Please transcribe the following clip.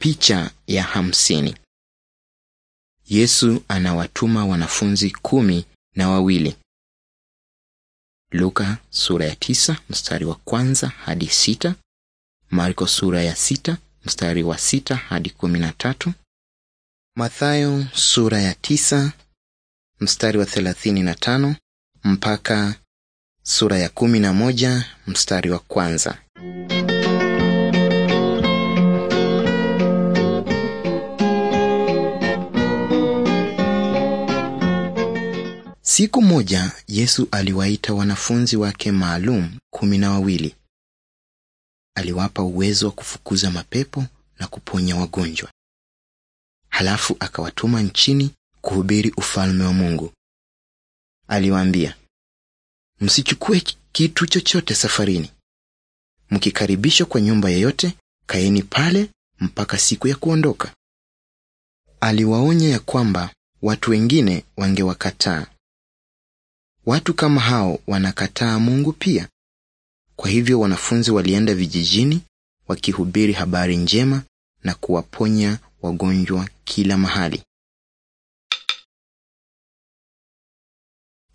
Picha ya hamsini. Yesu anawatuma wanafunzi kumi na wawili. Luka sura ya tisa mstari wa kwanza hadi sita. Marko sura ya sita mstari wa sita hadi kumi na tatu. Mathayo sura ya tisa mstari wa thelathini na tano mpaka sura ya kumi na moja mstari wa kwanza. Siku moja Yesu aliwaita wanafunzi wake maalum kumi na wawili. Aliwapa uwezo wa kufukuza mapepo na kuponya wagonjwa. Halafu akawatuma nchini kuhubiri ufalme wa Mungu. Aliwaambia, msichukue kitu chochote safarini. Mkikaribishwa kwa nyumba yoyote, kaeni pale mpaka siku ya kuondoka. Aliwaonya ya kwamba watu wengine wangewakataa. Watu kama hao wanakataa Mungu pia. Kwa hivyo wanafunzi walienda vijijini wakihubiri habari njema na kuwaponya wagonjwa kila mahali.